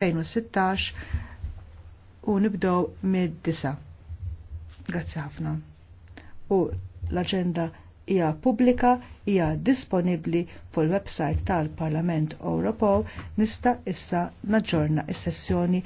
2016 u nibdow mid-disa. Grazzi ħafna. U l-agenda hija pubblika, hija disponibbli fuq il-website tal-Parlament Ewropew nista' issa naġġorna is-sessjoni